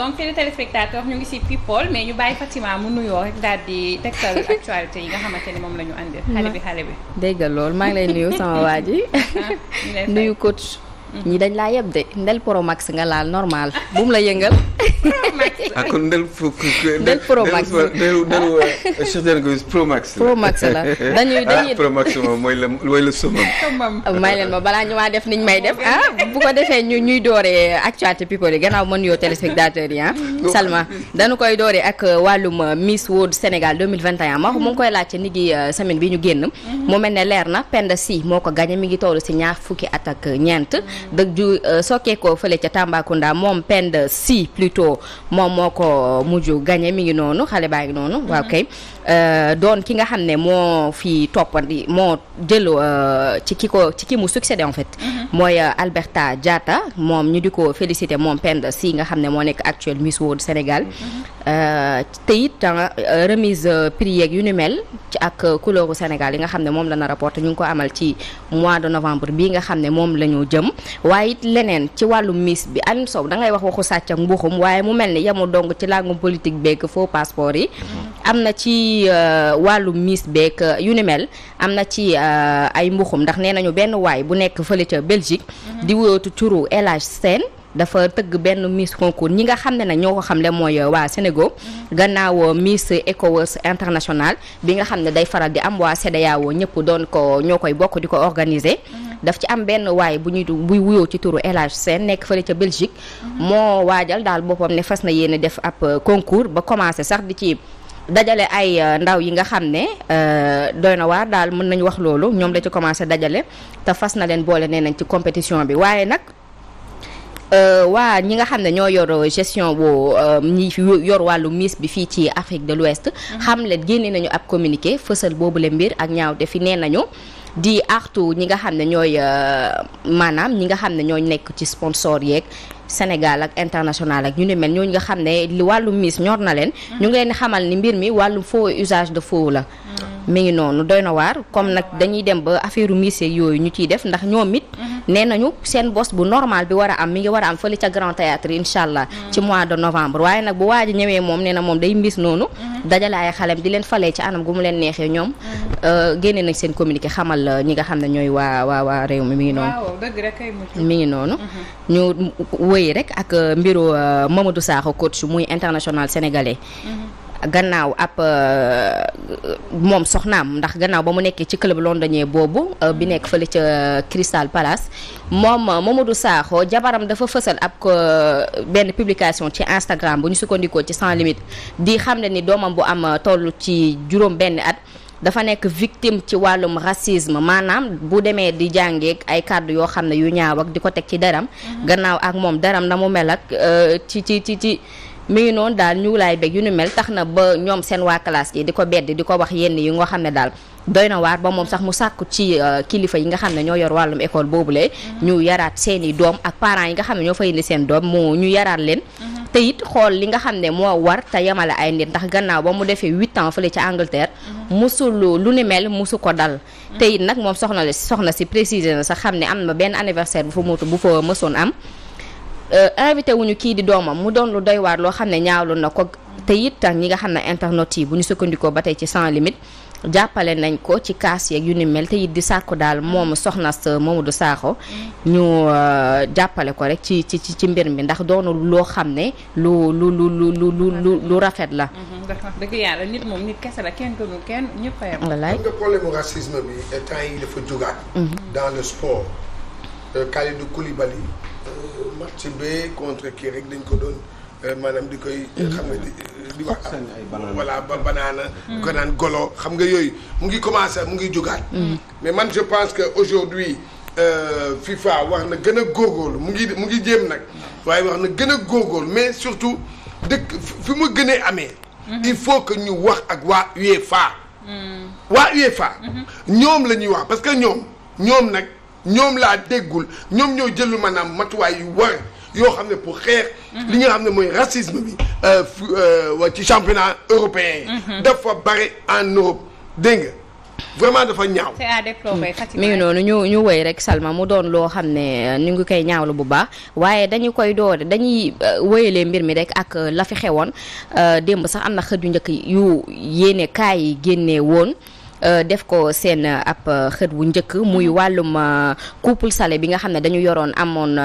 donc télé téléspectateur ñu ngi ci people mais ñu bàyyi Fatima mu nuyoo rek daal di tegtal actualité yi nga xamante ni moom la ñu àndil. xale bi xale bi. déggal lool loolu maa ngi lay nuyu sama waa ji. Ah, nuyu coach. Mm-hmm. ñi dañ laa yeb de ndel pro max nga laal normal buum la yëngal. ah kon del pro del pro max del la dañuy ah, dañuy pro max oh, balaa ñu waa def niñ may def ah, bu ko defee ñu ñuy dooree actualité people yi gannaaw mën yoo téléspectateurs yi ah oh. Salma dañu koy dooree ak euh, wàllum euh, Miss World Sénégal 2021 ma mu ngi koy laajte ni euh, semaine bi ñu génn mm-hmm. mu mel ne leer na Penda Si moo ko gañe mi ngi toll si ñaar fukki at ak ñeent mm-hmm. dëgg ju sokkee ko fële ca Tambacounda moom Penda Si Milito moom moo ko mujj gagné mi ngi noonu xale baa ngi noonu. Mhm. waaw kay euh, doon ki nga xam ne moo fi toppandi moo jël euh, ci ki ko ci ki mu succédé en fait. Mhm. mooy euh, Alberta jaata moom ñu di ko félicité moom Penda si nga xam ne moo nekk actuel Miss World Sénégal. Mhm. Euh, te it ah, euh, remise euh, prix yeeg yu ni mel ci ak couleuru Sénégal yi nga xam ne moom la na rapporté ñu ngi ko amal ci mois de novembre bii nga xam ne moom la ñu jëm waaye it leneen ci wàllu miss bi Alioune Sow da ngay wax waxu sàcc ak mbuxum waaye mu mel ni yamu dong ci làngum politique beeg foo passeport yi am na ci wàllu miss beeg yu ni mel am na ci ay mbuxum ndax nee nañu benn waay bu nekk fële ca Belgique mhm. di wootu turu El Hadj dafa tëgg benn Miss concours ñi nga xam ne nag ñoo ko xamle mooy euh, waa Sénégal mm-hmm. gannaaw euh, Miss ECOWAS international bi nga xam ne day faral di am waa CEDEAO ñëpp doon ko ñoo koy bokk di ko organiser. Mm-hmm. daf ci am benn waaye bu ñuy buy wuyoo ci turu El Hadj nekk fële ca Belgique. Mm-hmm. moo waajal daal boppam ne fas na yéene def ab euh, concours ba commencé sax di ci. dajale ay ndaw yi nga xam ne doy na waar daal mën nañu wax loolu ñoom la ci commencé dajale t fas na leen boole nee nañ ci compétition bi waaye nag Euh, waa ñi nga xam ne ñoo yor gestion bu euh, ñi yor wàllu miss bi fii ci Afrique de l'Ouest mhm. xam leen génne nañu ab communiqué fësal boobule mbir ak ñaaw defi nee nañu di artu ñi nga xam ne ñooy euh, maanaam ñi nga xam ne ñooy nekk ci sponsor yeeg Sénégal ak international ak ñu ne mel ñooñu nga xam ne li wàllu miss ñor na leen mhm. ñu ngi leen xamal ni mbir mi wàllu foo usage de faux la mhm. mi ngi noonu doy na waar comme nag dañuy dem ba affaire u yooyu ñu ciy def ndax ñoom it. Mhm. nee nañu seen bos bu normal bi war a am mi ngi war a am fële ca Grand Théâtre incha allah. Mhm. ci mois de novembre waaye nag bu waaj a ñëwee moom nee na moom day mbis noonu. Mhm. dajale ay xalem di leen fale ci anam gu mu leen neexee ñoom. Euh, génne nañ seen communiqué xamal euh, ñi nga xam ne ñooy waa waa waa réew mi mi ngi noonu. ngi noonu. ñu wëy rek ak euh, mbiru Mamadou Sakho coach muy international sénégalais. gannaaw ab euh, moom soxnaam ndax gannaaw ba mu nekkee ci club londonien boobu euh, bi nekk fële ca euh, Crystal Palace moom Mamadou Sakho jabaram dafa fësal ab ko benn publication ci Instagram bu ñu sukkandikoo ci sans limite di xam ne ni doomam bu am toll ci juróom benn at dafa nekk victime ci wàllum racisme maanaam bu demee di jàngeek ay kàddu yoo xam ne yu ñaaw di ko teg ci deram mhm. gannaaw ak moom deram na mu mel ak ci ci ci ci mi ngi noonu daal ñu laay bég yu ni mel tax na ba ñoom seen waa classe yi di ko bedd di ko wax yenn yi nga xam ne daal doy na waar ba moom sax mu sàkku ci euh, kilifa yi nga xam ne ñoo yor wàllum école boobule mm-hmm. ñu yaraat seen doom ak parents yi nga xam ne ñoo fay indi seen doom mu ñu yaraat leen mm-hmm. te xool li nga xam ne moo war te yemale ay nit ndax gannaaw ba mu defee huit ans fële ci Angleterre mm-hmm. musul lu ni mel musu ko dal te nag moom soxna soxna si préciser na sax xam ne am na benn anniversaire bu fa mootu bu fa mësoon am Euh, invité wuñu kii di doomam mu doon lu doy loo xam ne ñaawlu na ko te it ñi nga xam ne internet yi bu ñu sukkandikoo ba tey ci sans limite jàppale nañ ko ci kaas yeeg yu ni mel te di sàkku daal moom soxna sa Mamadou ñu euh, jàppale ko rek ci ci ci mbir mi ndax doonu loo xam ne lu lu lu lu lu rafet la. Mm-hmm. yàlla nit moom la match bi contre kii rek dañ ko doon euh, maanaam di koy. Mhm. xam nga di wax ay banaana voilà ba banaana. Mhm. di ko naan golo xam nga yooyu mu ngi commencé mu ngi jugaat. Mhm. mais man je pense que aujourd'hui Euh, FIFA wax na gën a góorgóorlu mu ngi mu ngi jéem nag waaye wax na gën a góorgóorlu mais surtout dëkk fi mu gënee amee. il faut que ñu wax ak waa UEFA. waa UEFA. ñoom la ñuy wax parce que ñoom ñoom nag ñoom laa déggul ñoom ñoo jëlul maanaam matuwaay yu war yoo xam ne pour xeex. li nga xam ne mooy racisme bi. Euh, euh, ci championnat européen yi. Mhm. dafa bare en Europe dégg nga vraiment dafa ñaaw. c'est mm. mi ngi noonu ñu ñu woy rek Salma mu doon loo xam ne euh, ñu ngi koy ñaawlu bu baax waaye dañu koy doore dañuy wéyalee mbir mi rek ak la fi xewoon démb sax am na xët yu njëkk yu yéene kaay yi génne woon. Euh, def ko seen euh, ab euh, xët wu njëkk muy mm-hmm. wàllum couple Salé bi nga xam ne dañu yoroon amoon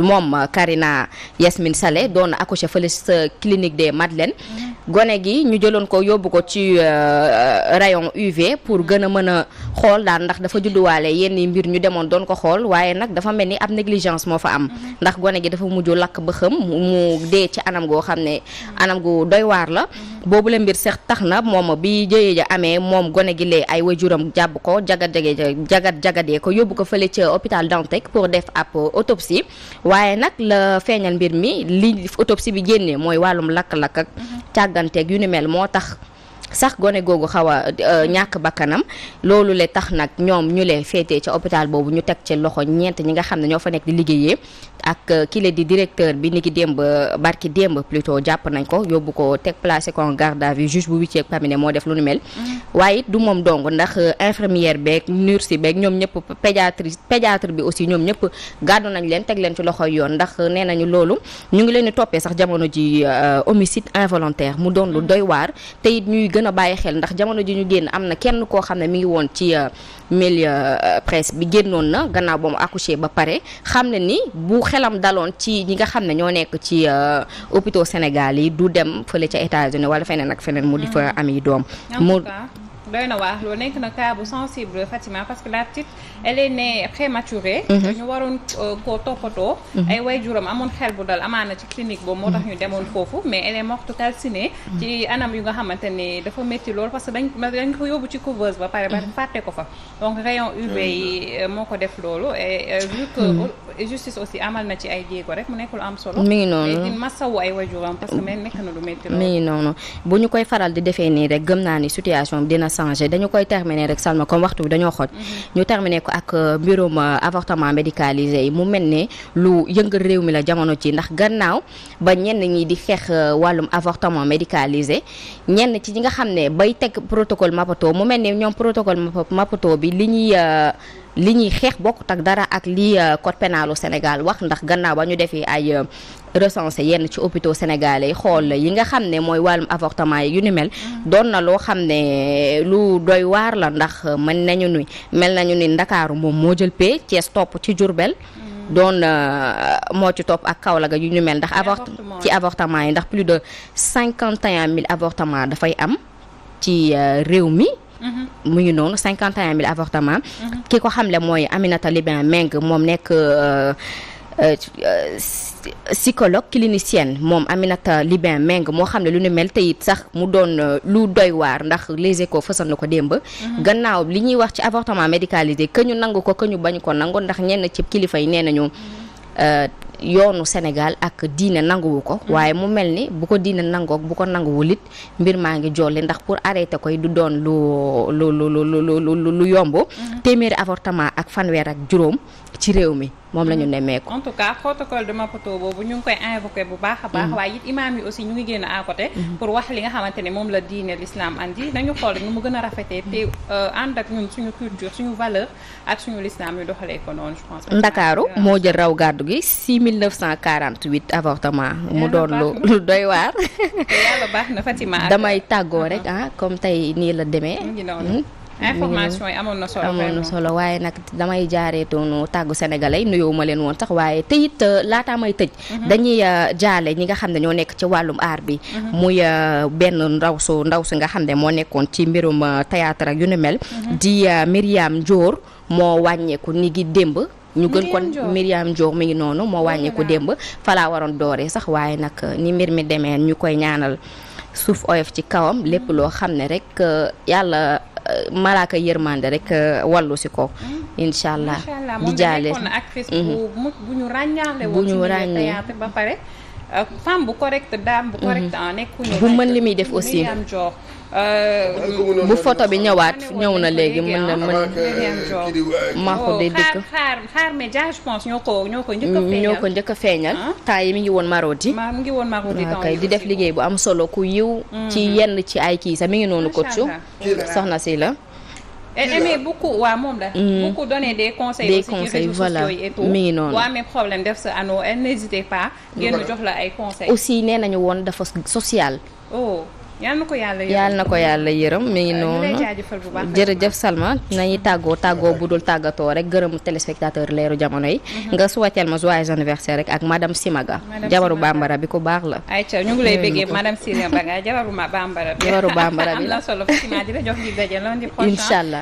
moom Karina Yasmine Salé doon accouché fële sa clinique des Madeleines mm-hmm. gone gi ñu jëloon ko yóbbu ko ci rayon UV pour mm-hmm. gën a mën a xool daal ndax dafa judduwaale yenn mbir ñu demoon doon ko xool waaye nag dafa mel ni ab négligence moo fa am ndax gone gi dafa mujj lakk ba xëm mu dee ci anam goo xam ne anam gu doy waar la boobu la mbir sax tax na moom bi jëye mu gone gi lee ay wajuram jàpp ko jagat jage jagat jagadee ko yóbbu ko fële ca hôpital Dantec pour def ab autopsie waaye nag la feeñal mbir mi li autopsie bi génnee mooy wàllum lakk-lakk ak mhm. càgganteeg yu ni mel moo tax sax gone googu xaw a euh, ñàkk bakkanam loolu le tax nag ñoom ñu leen féetee ca hôpital boobu ñu teg ci loxo ñeent ñi nga xam ne ñoo fa nekk di liggéeyee ak euh, kile di directeur bi ni niki démb euh, barki démb plutôt jàpp nañ ko yóbbu ko teg placé ko en garde à vue juge bu huitième cabinet moo def lu nu mel. Mm-hmm. waaye du moom dong ndax infirmière beeg nurse beek ñoom ñëpp pédiatrice pédiatre bi aussi ñoom ñëpp gàddu nañ leen teg leen ci loxo yoon ndax nee nañu loolu ñu ngi leen di toppee sax jamono ji homicide involontaire mu doon lu doy gën a bàyyi xel ndax jamono ji ñu génn am na kenn koo xam ne mu ngi woon ci euh, milieu euh, presse bi génnoon na gannaaw ba mu accouché ba pare xam ne ni bu xelam daloon ci ñi nga xam ne ñoo nekk ci euh, hôpitaux Sénégal yi du dem fële ca États-Unis wala feneen ak feneen mu di fa mm. am yi doom mu doy na waax loolu nekk na cas bu sensible Fatima parce que la petite elle est née prématurée mhm. ñu waroon euh, koo toppatoo mhm. ay waajuram amoon xel bu dal amaana ci clinique boobu moo tax mhm. ñu demoon foofu mais elle est morte calcinée ci anam yu nga xamante ni dafa métti loolu parce que dañ dañ ko yóbbu ci couveuse ba pare ba fàtte ko fa donc rayon UV yi euh, moo ko def loolu et euh, vu que justice aussi amal na ci ay jéego rek mu nekk lu am solo mi ngi noonu masawu ay waajuram parce que mel nekk na lu noonu bu ñu koy faral di defee nii rek gëm naa ni situation dina changé dañu koy terminer rek Salma comme waxtu bi dañoo xooj mm-hmm. ñu terminer ko ak euh, mbirum euh, avortement médicalisé yi mu mel ne lu yëngal réew mi la jamono ci ndax gannaaw ba ñenn ñi di xeex euh, wàllum avortement médicalisé ñenn ci ñi nga xam ne bay teg protocole Maputo mu mel ne ñoom protocole Maputo bi li ñuy li ñuy xeex bokkut ak dara ak li euh, code pénal Sénégal wax ndax gannaaw ba ñu defee ay euh, recensé yenn ci hôpitaux sénégalais yi xool yi nga xam ne mooy wàllum avortement yi yu ni mel mm. doon na loo xam ne euh, lu doy waar la ndax mën nañu ni mel nañu ni ndakaaru moom moo jël pee Thiès topp ci jurbel mm. doon moo ci topp ak Kaolack yu ñu mel ndax avort ci avortement yi ndax plus de cinquante et un mille avortement dafay am ci réew mi mu ngi noonu cinquante et un avortement mhm. ki ko xamle mooy Aminata Libin Meng moom nekk euh, euh, euh, psychologue clinicienne moom Aminata Libin Meng moo xam ne lu ni mel te it sax mu doon lu doy waar ndax Les ko fësal na ko démb. Mhm. gannaaw li ñuy wax ci avortement médicalisé que ñu nangu ko que ñu bañ ko nangu ndax ñenn ci kilifa yi nee nañu. Mhm. yoonu Sénégal ak diine nanguwu ko hmm. waaye mu mel ni bu ko diine nangoog bu ko nanguwul it mbir maa ngi jolli ndax pour arrêter koy du doon lu lu lu lu lu yomb hmm. téeméeri avortement ak fanweer ak juróom ci réew mi moom la ñu nemmeeku. en tout cas protocole de Maputo boobu ñu ngi koy invoqué bu baax a baax. Mm-hmm. waaye it imaam yi aussi ñu ngi génn à mm-hmm. pour wax li nga xamante ne moom la diine l'islam andi nañu xool nu mu gën a rafetee te euh, ànd ak ñun suñu culture suñu valeur ak suñu l'islam ñu doxalee ko noonu je pense. Ndakaaru moo jël raw gàddu gi mille 6948 avortement mu doon lu doy waar. yàlla baax na Fatima damay tàggoo uh-huh. rek ah comme tey nii la demee. information yi amoon na solo amoon na solo waaye nag damay jaaree toonu tàggu sénégalais nuyoo ma leen woon sax waaye teyit it euh, laataa may tëj. Mhm. dañuy euh, jaale ñi nga xam ne ñoo nekk ci wàllum aar bi. Mhm. muy euh, benn ndaw su ndaw si nga xam ne moo nekkoon ci mbirum théâtre ak yu ni mel. Mhm. di Myriam Ndior moo wàññeeku ni gi démb. ñu gën kon Myriam Ndior mi ngi noonu moo wàññeeku démb falaa waroon dooree sax waaye nag ni mbir mi demee ñu koy ñaanal suuf oyof ci kawam lépp loo xam ne rek yàlla. Euh, malaaka yërmande rek euh, wallu si ko hmm? incha allah di jaale hmm. bu ñu ràññaale bu ñu ràññee ba pare euh, femme bu correcte dame bu hmm. ah, bu mën li muy def aussi Euh, bu photo bi ñëwaat ñëw na léegi mën na mën euh, euh, maa ko oh, day dëkk xaar xaar mais je pense ñoo ko ñoo ko njëkk a mm, feeñal ah? temps yi mi ngi woon Marodi ah, kay di def liggéey bu am solo ku yiw mm-hmm. ci yenn ci ay kii sax mi ngi noonu coach soxna si la eh, eh, mais beaucoup waaw moom la. Mm. beaucoup donné des conseils. des voilà mi ngi noonu. waaw mais problème def sa anneau elle eh, n'hésitez pas. ngeen aussi nee nañu woon dafa social. Oh. yal na ko yàlla yërëm yal na ko yàlla yërëm mi ngi noonu jërëjëf Salma nañu tàggoo tàggoo bu dul tàggatoo rek gërëm téléspectateur leeru jamono yi. Mhm. nga souhaiter ma joyeux anniversaire rek ak madame Simaga. jabaru bàmbara bi ku baax la. ayca ñu ngi lay bëggee madame Simaga jabaru bambara bi. jabaru bambara bi am la jox